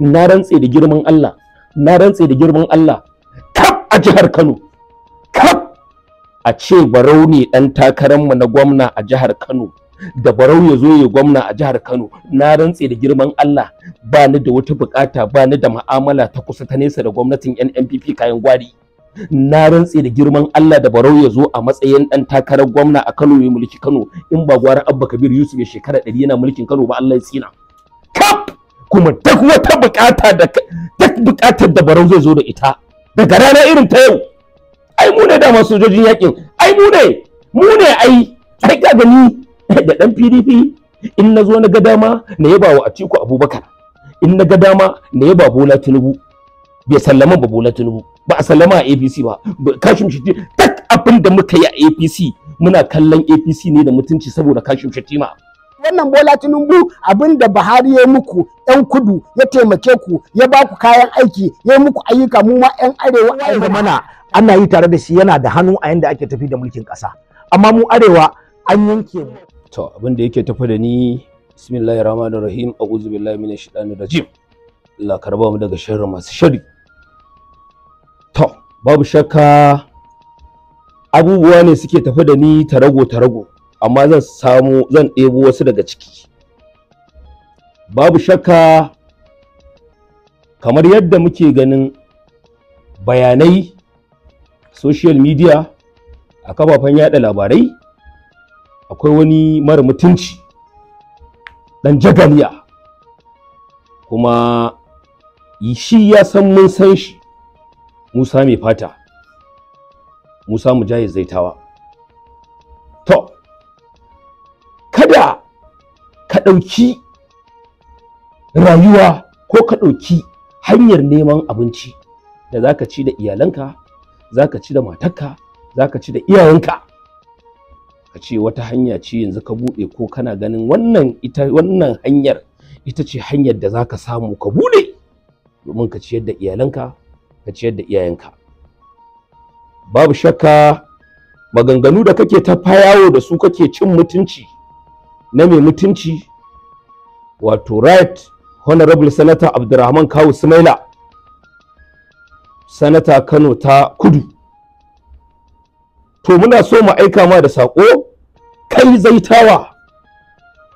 na rantse da girman Allah na rantse da girman Allah kaf a jihar Kano kaf a ce barau ne dan mu na gwamna a jihar Kano da barau ya zo ya gwamna a jihar Kano na rantse da girman Allah ba ni da wata bukata ba ni da ma'amala ta kusa ta nesa da gwamnatin NNPP kayan gwari na rantse da girman Allah da barau ya zo a matsayin dan takarar gwamna a Kano ya mulki Kano in ba gwara Abba Kabir Yusuf ya shekara 100 yana mulkin Kano ba Allah ya tsina kuma duk wata bukata da duk bukatar da barau zai zo da ita daga rana irin ta yau ai mu ne dama sojojin yakin ai mu ne mu ne ai ai ga gani da dan PDP in na zo na ga dama na yaba wa Atiku Abubakar in na ga dama na yaba Bola Tinubu bai sallama ba Bola Tinubu ba a sallama a APC ba Kashim shi duk abin da muka yi a APC muna kallon APC ne da mutunci saboda Kashim ma. wannan Bola Tinubu abin da Buhari ya muku yan kudu ya taimake ku ya ba ku kayan aiki ya muku ayyuka mu ma yan arewa a mana ana yi tare da shi yana da hannu a yanda ake tafi da mulkin ƙasa amma mu arewa an yanke mu to abin da yake tafi da ni bismillahir rahmanir rahim a'udhu billahi minash shaitanir rajim Allah karba mu daga sharri masu sharri to babu shakka abubuwa ne suke tafi da ni tarago tarago amma zan samu zan ɗebo wasu daga ciki babu shakka kamar yadda muke ganin bayanai social media a kafafen yaɗa labarai akwai wani mara mutunci ɗan jagaliya kuma shi ya san mun san shi musa mai fata musa mujahid zaitawa ɗauki rayuwa ko ka ɗauki hanyar neman abinci da za ka ci da iyalanka za ka ci da matarka za ka ci da iyayenka ka ce wata hanya ce yanzu ka buɗe ko kana ganin wannan ita wannan hanyar ita ce hanyar da za ka samu ka buɗe domin ka ciyar da iyalanka ka ciyar da iyayenka babu shakka maganganu da kake ta fayawo da su kake cin mutunci na mai mutunci wato right honorable senator abdurrahman kawu sumaila sanata kano ta kudu to muna so mu aika ma da saƙo kai zaitawa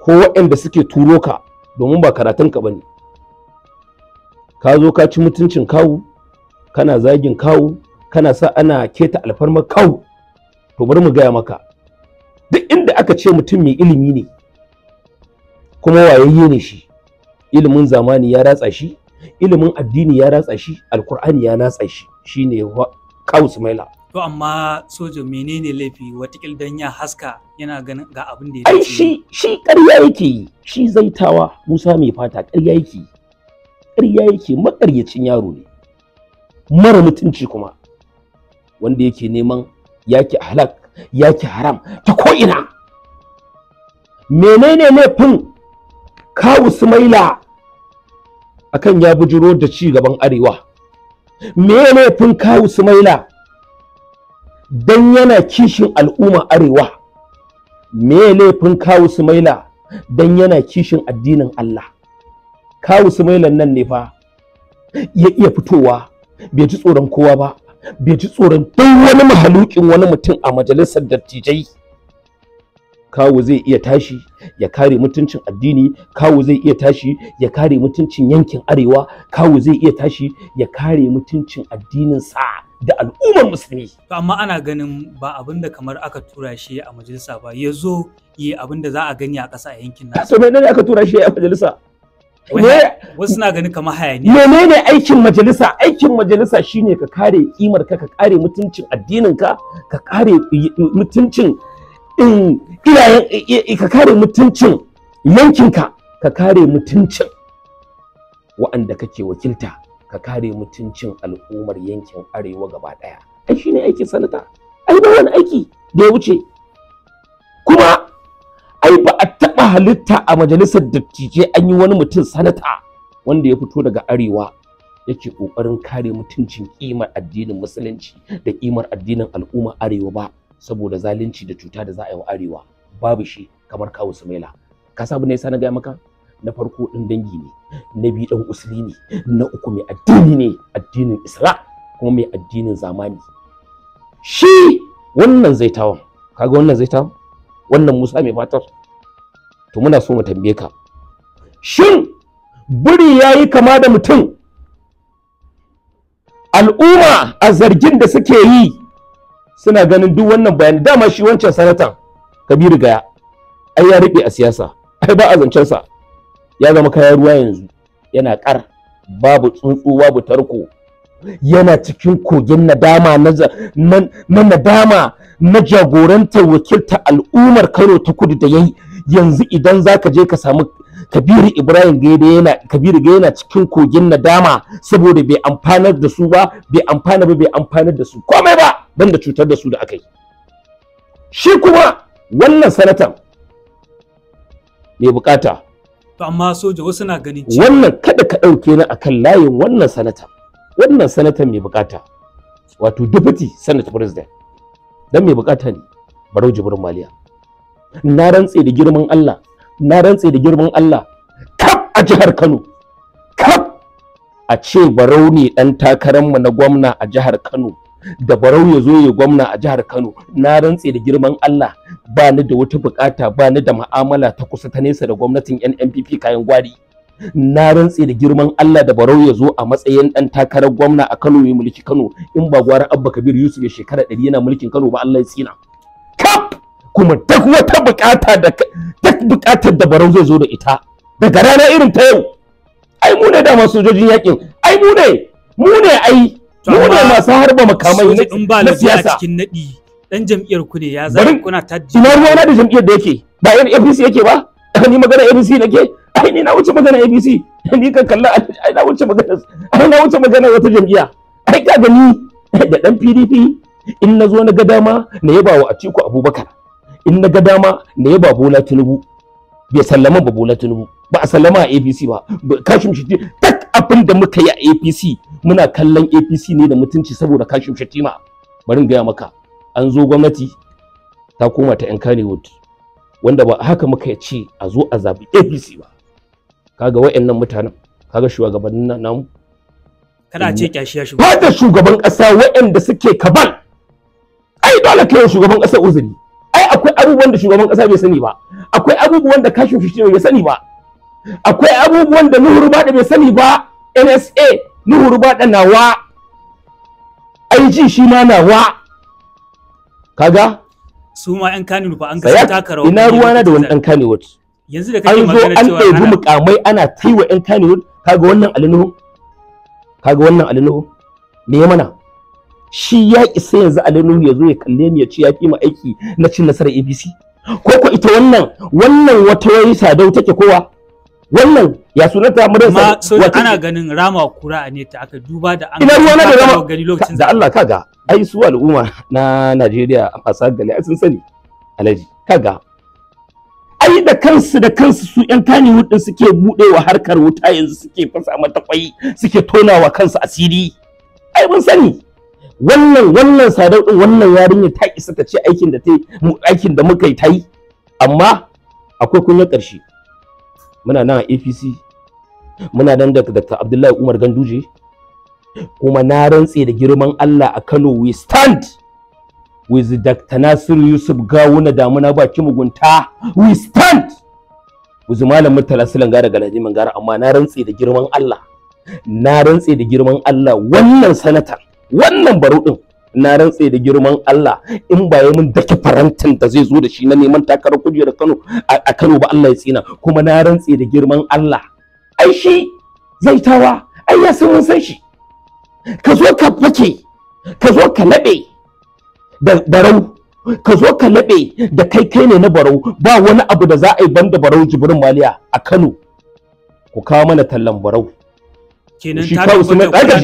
ko waɗanda suke turo ka domin ba karatunka ba ne ka zo ka ci mutuncin kawu kana zagin kawu kana sa ana keta alfarmar kawu to bari mu gaya maka duk inda aka ce mutum mai ilimi ne kuma wayayye ne shi ilimin zamani ya ratsa shi ilimin addini ya ratsa shi alkur'ani ya ratsa shi shine kaus maila to amma soja menene laifi watakil dan ya haska yana ganin ga abin da ya shi shi ƙarya yake yi shi zaitawa musa mai fata ƙarya yake yi ƙarya yake maƙaryacin yaro ne mara mutunci kuma wanda yake neman yaki halak yaki haram ta ko ina menene laifin kawu sumaila akan ya bujiro da ci gaban arewa me ne laifin kawu sumaila dan yana kishin al'umma arewa me ne laifin kawu sumaila dan yana kishin addinin Allah kawu sumailan nan ne fa ya iya fitowa bai ji tsoron kowa ba bai ji tsoron duk wani mahalukin wani mutum a majalisar dattijai kawu zai iya tashi ya kare mutuncin addini kawu zai iya tashi ya kare mutuncin yankin arewa kawu zai iya tashi ya kare mutuncin addinin sa da al'ummar musulmi to amma ana ganin ba abin da kamar aka tura shi a majalisa ba ya zo yi abin da za a gani a ƙasa a yankin nasa to menene aka tura shi a majalisa wasu na ganin kamar hayaniya menene aikin majalisa aikin majalisa shine ka kare kimar ka ka kare mutuncin addinin ka ka kare mutuncin ka kare mutuncin yankinka ka kare mutuncin wa'anda kake wakilta ka kare mutuncin al'ummar yankin arewa gaba ɗaya ai shine aikin sanata ai ba wani aiki da ya wuce kuma ai ba a taɓa halitta a majalisar dattijai an yi wani mutum sanata wanda ya fito daga arewa yake ƙoƙarin kare mutuncin ƙimar addinin musulunci da ƙimar addinin al'umma arewa ba saboda zalunci da cuta da za a yi wa arewa babu shi kamar kawo sumaila ka sabu ne na gaya maka na farko din dangi ne na biyu dan usuli na uku mai addini ne addinin isra kuma mai addinin zamani shi wannan zaitawan kaga wannan zaitawan wannan musa mai fatar to muna so mu tambaye ka shin buri yayi kama da mutum al'umma a zargin da suke yi suna ganin duk wannan bayani dama shi wancan sanatan kabiru gaya ai ya rike a siyasa ai ba a zancensa ya zama kayan ruwa yanzu yana ƙar babu tsuntsu babu tarko yana cikin kogin nadama na nadama na jagorantar wakilta al'ummar kano ta kudu da yayi yanzu idan za ka je ka samu kabiru ibrahim gaida yana kabiru gaida yana cikin kogin nadama saboda bai amfanar da su ba bai amfana ba bai amfanar da su komai ba banda cutar da su da aka yi shi kuma wannan sanatan mai bukata to amma soja wasu na ganin wannan kada ka ɗauke ni akan layin wannan sanatan wannan sanatan mai bukata wato deputy senate president dan mai bukata ne barau jibrin maliya na rantse da girman Allah na rantse da girman Allah kaf a jihar Kano kaf a ce barau ne dan takararmu na gwamna a jihar Kano da barau ya zo ya gwamna a jihar kano na rantse da girman allah ba ni da wata bukata ba ni da ma'amala ta kusa ta nesa da gwamnatin nnpp kayan gwari na rantse da girman allah da barau ya zo a matsayin dan takarar gwamna a kano ya mulki kano in ba gwara abba kabir yusuf ya shekara ɗari yana mulkin kano ba allah ya tsina kap kuma duk wata bukata da duk bukatar da barau zai zo da ita daga rana irin ta yau ai mu ne masu sojojin yakin ai mu ne mu ne ai mu ne masu harba makamai na siyasa cikin nadi dan jam'iyyar ku ne ya zama kuna ta ina ruwa na da jam'iyyar da yake ba yan APC yake ba ni magana APC nake ai ni na wuce magana APC ni ka kalla ai na wuce magana ai na wuce magana wata jam'iyya ai ka gani da dan PDP in na zo na ga dama na yaba wa Atiku Abubakar in na ga dama na yaba Bola Tinubu bai sallama ba Bola Tinubu ba a sallama a APC ba kashin shi tak abin da muka yi a APC muna kallon apc ne da mutunci saboda kashin shatima bari in gaya maka an zo gwamnati ta koma ta yan kanewood wanda ba haka muka ce a zo a zaɓi apc ba kaga wa'annan mutanen kaga shugabannin nan namu kana ce kyashi ya shugaban da shugaban ƙasa wa'yanda suke kabal ai dole kai shugaban ƙasa uzuri ai akwai abubuwan da shugaban ƙasa bai sani ba akwai abubuwan da kashin fishi bai sani ba akwai abubuwan da nuhuru ba da bai sani ba NSA nuhu rubaɗa nawa aiji shi ma nawa kaga su ma yan kani fa an ga taka rawa ina ruwana da wani dan kani wut yanzu da kake magana cewa an zo an ɗebi mukamai ana taiwa yan kani wut kaga wannan alinuhu kaga wannan alinuhu me ya mana shi ya isa yanzu alinuhu ya zo ya kalle ni ya ce ya fi mu aiki na cin nasarar abc ko ko ita wannan wannan wata wani sadau take kowa wannan ya sunanta murar ma so ana ganin rama kura ne ta aka duba da an ina ruwa na da rama gari lokacin da Allah kaga ai su al'umma na Najeriya a fasa gani ai sun sani alaji kaga ai da kansu da kansu su yan kaniwood wudin suke budewa harkar wuta yanzu suke fasa mata kwai suke tonawa kansu asiri ai mun sani wannan wannan sadau din wannan yarinya ta isa ta ce aikin da ta aikin da muka yi ta yi amma akwai kunya ƙarshe muna nan a apc muna nan da dr abdullahi umar ganduje kuma na rantse da girman allah a kano we stand with dr nasir yusuf gawuna damuna baki mugunta we stand with malam murtala silanga daga lajimin gara amma na rantse da girman allah na rantse da girman allah wannan sanatar wannan baro na rantse da girman Allah in ba mun dake farantin da zai zo da shi na neman takarar kujerar Kano a Kano ba Allah ya tsina kuma na rantse da girman Allah ai shi zaitawa ai ya san san shi ka zo ka fake ka zo ka nabe da barau ka zo ka nabe da kai kai ne na barau ba wani abu da za a yi banda barau jibrin maliya a Kano ku kawo mana tallan barau kenan ta da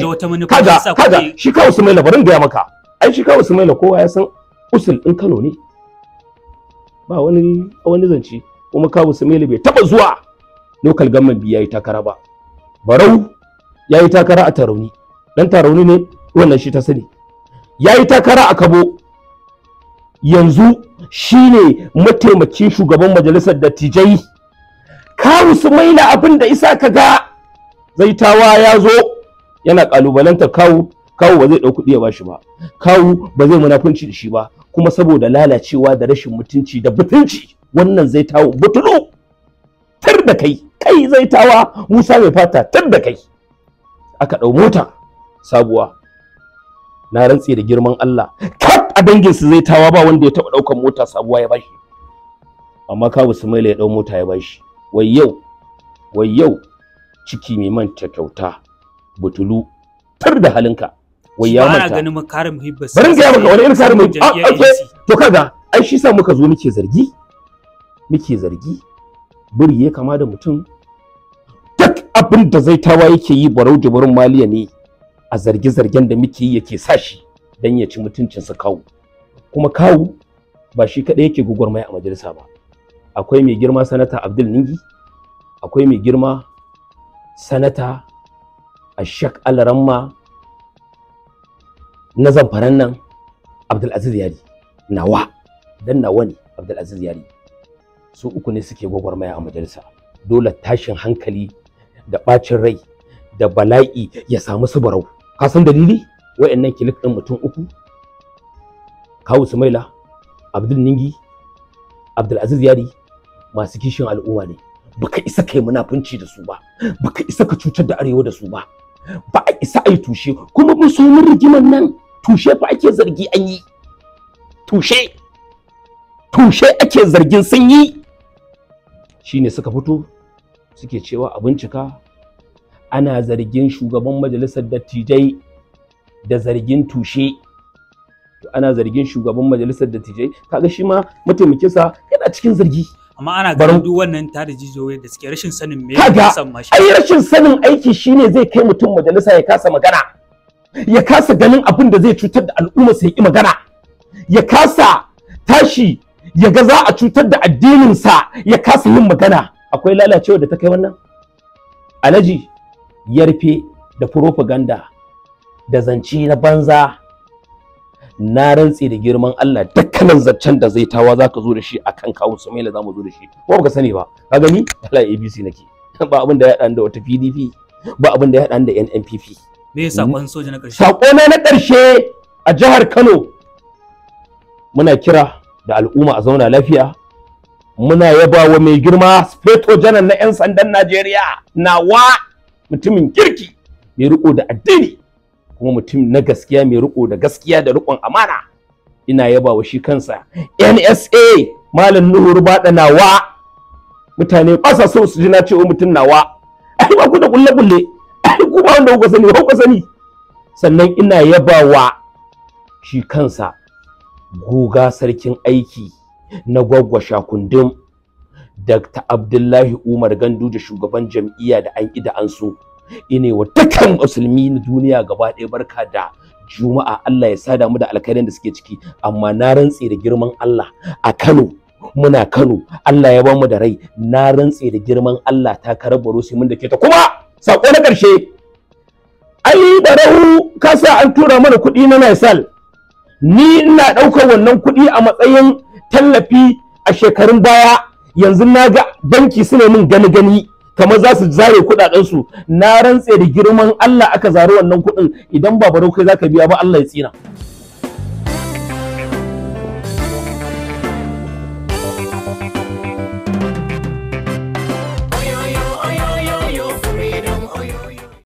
wata manufa kaga kaga shi kawai su mai labarin da ya maka ai shi kawo sumaila kowa ya san usul ɗin kano ne ba wani wani zance kuma kawo sumaila bai taba zuwa local government biya yi takara ba barau ya yi takara a tarauni dan tarauni ne wannan shi ta sani ya yi takara a kabo yanzu shine mataimakin shugaban majalisar dattijai kawo sumaila abin da isa ka ga zaitawa ya zo yana kalubalantar kawo kawu ba zai ɗau kuɗi ya bashi ba kawu ba zai munafunci da shi ba kuma saboda lalacewa da rashin mutunci da butunci wannan zai tawo butulu tar da kai kai zai tawa musa mai fata tar da kai aka ɗau mota sabuwa na rantse da girman Allah kap a danginsu zai tawa ba wanda ya taɓa ɗaukan mota sabuwa ya bashi amma kawu sumaila ya ɗau mota ya bashi wai yau wai yau ciki mai manta kyauta butulu tar da halinka wai ya manta ganin mu kare ga maka wani irin kare mu eh, to kaga ai shi sa muka zo muke zargi muke zargi buri ya kama da mutum duk abin da zaitawa yake yi barau barin maliya ne a zarge-zargen da muke yi yake sa shi don ya ci sa kawu kuma kawu ba shi kaɗai yake gwagwarmaya a majalisa ba akwai mai girma sanata abdul ningi akwai mai girma sanata ashak alaramma na zamfaran nan Abdulaziz Yari nawa dan nawa ne Abdulaziz Yari su uku ne suke gwagwarmaya a majalisa dole tashin hankali da bacin rai da bala'i ya samu su barau ka san dalili wayannan kilik din mutum uku Kawu Sumaila Abdul Ningi Abdulaziz Yari masu kishin al'umma ne baka isa kai munafunci da su ba baka isa ka cutar da arewa da su ba ba a isa a yi tushe kuma mun so mun rigimar nan tushe fa ake zargi an yi tushe tushe ake zargin sun yi shine suka fito suke cewa a bincika ana zargin shugaban majalisar dattijai da zargin tushe ana zargin shugaban majalisar dattijai kaga shi ma mataimakinsa yana cikin zargi amma ana ganin duk wannan tada jijiyoyi da suke rashin sanin me yake san mashi ai rashin sanin aiki shine zai kai mutum majalisa ya kasa magana ya kasa ganin abin da zai cutar da al'umma sai yi magana ya kasa tashi ya ga za a cutar da addinin sa, ya kasa yin magana akwai lalacewa da ta kai wannan alaji yarfe da propaganda da zance na banza na rantse da girman Allah duk kalan zaccen da zai tawa za ka zo da shi a kan kawo sumaila za mu zo da shi ko ba ka sani ba ka gani ala abc nake ba abin da ya haɗa da wata pdp ba abin da ya haɗa da nnpp me ya sakon soja na ƙarshe sakona na ƙarshe a jihar kano muna kira da al'umma a zauna lafiya muna yaba wa mai girma feto janar na 'yan sandan najeriya nawa mutumin kirki mai riko da addini kuma mutum na gaskiya mai riko da gaskiya da riƙon amana ina yaba wa shi kansa NSA malam Nuhu Rubada nawa mutane ba sa so su ji na cewa mutum nawa ai ba ku da kulle kulle ai ku ba wanda ku sani ba ku sani sannan ina yaba wa shi kansa goga sarkin aiki na gwaggwasha kundum Dr. Abdullahi Umar gandu da shugaban jam'iyya da an ida an so ine wa dukkan musulmi na duniya gaba ɗaya barka da juma'a Allah ya sada mu da alkhairin da suke ciki amma na rantse da girman Allah a Kano muna Kano Allah ya mu da rai na rantse da girman Allah ta karbaro sai mun da ke ta kuma sako na karshe ai barahu kasa an tura mana kuɗi na Naisal ni ina ɗaukar wannan kuɗi a matsayin tallafi a shekarun baya yanzu na ga banki suna min gani gani kamar za su zare kudaden su na rantse da girman Allah aka zare wannan kuɗin, idan ba baro zaka biya ba Allah ya tsina